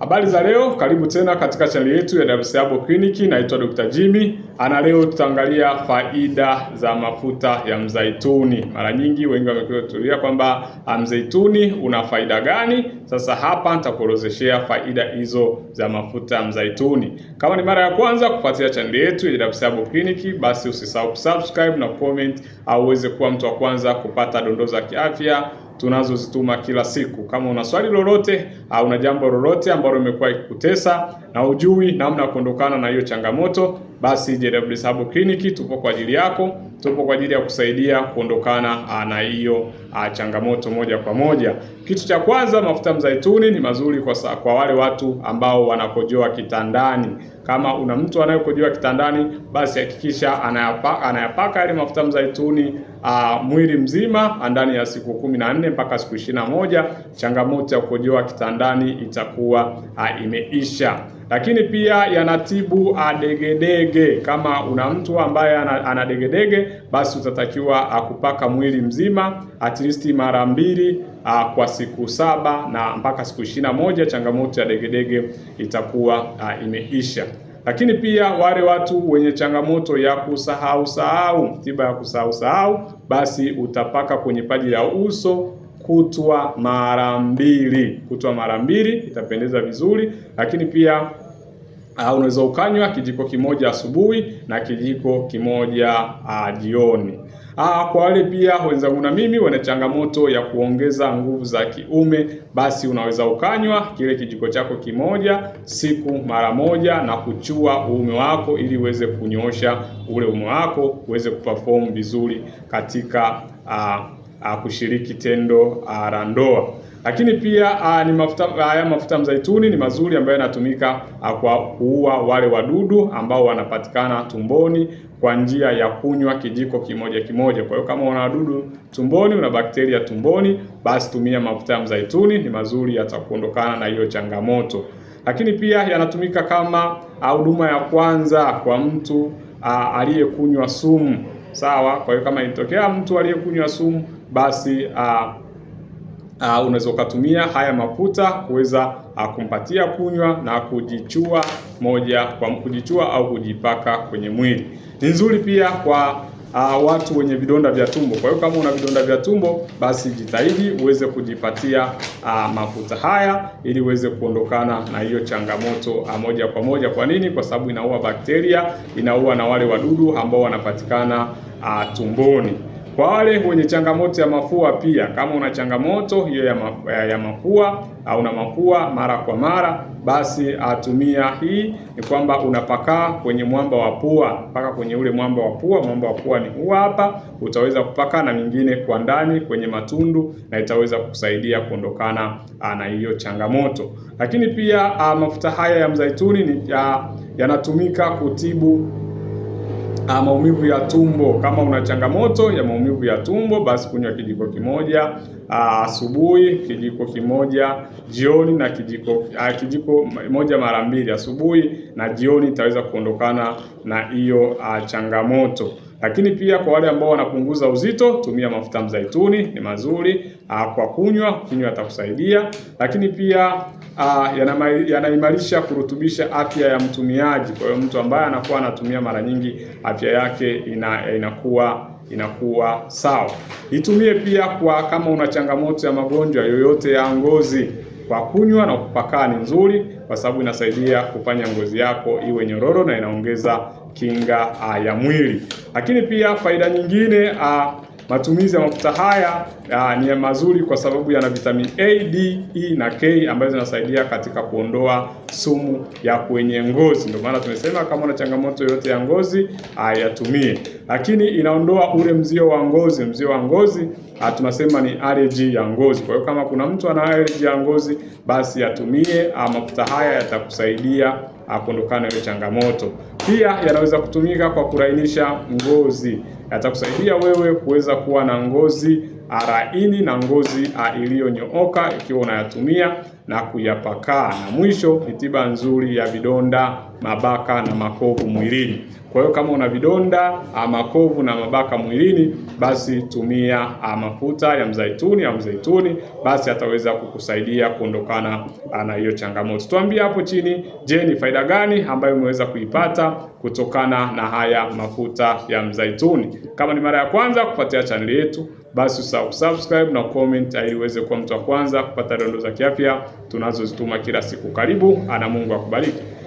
Habari za leo, karibu tena katika chaneli yetu ya Dabo Clinic. Naitwa Dr. Jimmy ana. Leo tutaangalia faida za mafuta ya mzaituni. Mara nyingi wengi wamekutulia kwamba ah, mzaituni una faida gani? Sasa hapa nitakuorozeshea faida hizo za mafuta ya mzaituni. Kama ni mara ya kwanza kufuatilia chaneli yetu ya Dabo Clinic, basi usisahau kusubscribe na comment, au uweze kuwa mtu wa kwanza kupata dondoo za kiafya tunazozituma kila siku. Kama una swali lolote au una jambo lolote ambalo limekuwa ikikutesa na ujui namna ya kuondokana na hiyo changamoto, basi JW Sabo Clinic tupo kwa ajili yako tupo kwa ajili ya kusaidia kuondokana ah, na hiyo ah, changamoto moja kwa moja. Kitu cha kwanza, mafuta mzaituni ni mazuri kwa, sa, kwa wale watu ambao wanakojoa kitandani. Kama una mtu anayekojoa kitandani, basi hakikisha anayapaka, anayapaka yale mafuta mzaituni Uh, mwili mzima ndani ya siku kumi na nne mpaka siku ishirini na moja changamoto ya kukojoa kitandani itakuwa uh, imeisha. Lakini pia yanatibu adegedege Kama una mtu ambaye anadegedege basi utatakiwa akupaka ah, mwili mzima at least mara mbili ah, kwa siku saba na mpaka siku ishirini na moja changamoto ya degedege itakuwa ah, imeisha. Lakini pia wale watu wenye changamoto ya kusahau sahau, tiba ya kusahau sahau, basi utapaka kwenye paji la uso kutwa mara mbili, kutwa mara mbili itapendeza vizuri, lakini pia Uh, unaweza ukanywa kijiko kimoja asubuhi na kijiko kimoja uh, jioni. Ah, kwa wale pia wenzangu na mimi wana changamoto ya kuongeza nguvu za kiume, basi unaweza ukanywa kile kijiko chako kimoja siku mara moja na kuchua uume wako ili uweze kunyosha ule uume wako uweze kuperform vizuri katika uh, a, ah, kushiriki tendo ah, la ndoa. Lakini pia a, ah, ni mafuta haya mafuta mzaituni ni mazuri ambayo yanatumika kwa kuua wale wadudu ambao wanapatikana tumboni kwa njia ya kunywa kijiko kimoja kimoja. Kwa hiyo kama una wadudu tumboni, una bakteria tumboni, basi tumia mafuta ya mzaituni, ni mazuri, yatakuondokana na hiyo changamoto. Lakini pia yanatumika kama huduma ya kwanza kwa mtu aliyekunywa sumu sawa. Kwa hiyo kama ilitokea mtu aliyekunywa sumu, basi uh, uh, unaweza ukatumia haya mafuta kuweza uh, kumpatia kunywa na kujichua moja kwa kujichua au kujipaka kwenye mwili. Ni nzuri pia kwa uh, watu wenye vidonda vya tumbo. Kwa hiyo kama una vidonda vya tumbo, basi jitahidi uweze kujipatia uh, mafuta haya ili uweze kuondokana na hiyo changamoto uh, moja kwa moja. Kwa nini? Kwa sababu inaua bakteria, inaua na wale wadudu ambao wanapatikana uh, tumboni. Kwa wale wenye changamoto ya mafua pia, kama una changamoto hiyo ya mafua, ya mafua au una mafua mara kwa mara, basi atumia hii. Ni kwamba unapakaa kwenye mwamba wa pua paka kwenye ule mwamba wa pua. Mwamba wa pua ni huu hapa, utaweza kupaka na mingine kwa ndani kwenye matundu, na itaweza kusaidia kuondokana ah, na hiyo changamoto. Lakini pia ah, mafuta haya ya mzaituni ni yanatumika kutibu na maumivu ya tumbo. Kama una changamoto ya maumivu ya tumbo, basi kunywa kijiko kimoja ah, asubuhi, kijiko kimoja jioni na kijiko a, ah, kijiko moja mara mbili asubuhi na jioni, itaweza kuondokana na hiyo ah, changamoto. Lakini pia kwa wale ambao wanapunguza uzito, tumia mafuta mzaituni, ni mazuri ah, kwa kunywa, kinywa atakusaidia. Lakini pia ah, yanaimarisha yana kurutubisha afya ya mtumiaji. Kwa hiyo mtu ambaye anakuwa anatumia mara nyingi, afya yake ina, inakuwa inakuwa sawa. Itumie pia kwa kama una changamoto ya magonjwa yoyote ya ngozi kwa kunywa na kupakaa ni nzuri, kwa sababu inasaidia kufanya ngozi yako iwe nyororo na inaongeza kinga a, ah, ya mwili. Lakini pia faida nyingine a, ah, matumizi ya mafuta haya a, ah, ni mazuri kwa sababu yana vitamini A, D, E na K ambazo zinasaidia katika kuondoa sumu ya kwenye ngozi. Ndio maana tumesema kama una changamoto yoyote ya ngozi yatumie, lakini inaondoa ule mzio wa ngozi. Mzio wa ngozi a, tunasema ni allergy ya ngozi. Kwa hiyo kama kuna mtu ana allergy ya ngozi, basi yatumie mafuta haya yatakusaidia kuondokana ile changamoto. Pia yanaweza kutumika kwa kulainisha ngozi, yatakusaidia wewe kuweza kuwa na ngozi laini na ngozi ah, iliyonyooka ikiwa unayatumia na kuyapakaa. Na mwisho ni tiba nzuri ya vidonda, mabaka na makovu mwilini. Kwa hiyo kama una vidonda, ah, makovu na mabaka mwilini, basi tumia ah, mafuta ya mzaituni au mzaituni, basi ataweza kukusaidia kuondokana na hiyo changamoto. Tuambie hapo chini, je, ni faida gani ambayo umeweza kuipata kutokana na haya mafuta ya mzaituni? Kama ni mara ya kwanza kufuatia chaneli yetu basi usahau subscribe na comment ili uweze kuwa mtu wa kwanza kupata dondoo za kiafya tunazozituma kila siku. Karibu ana, Mungu akubariki.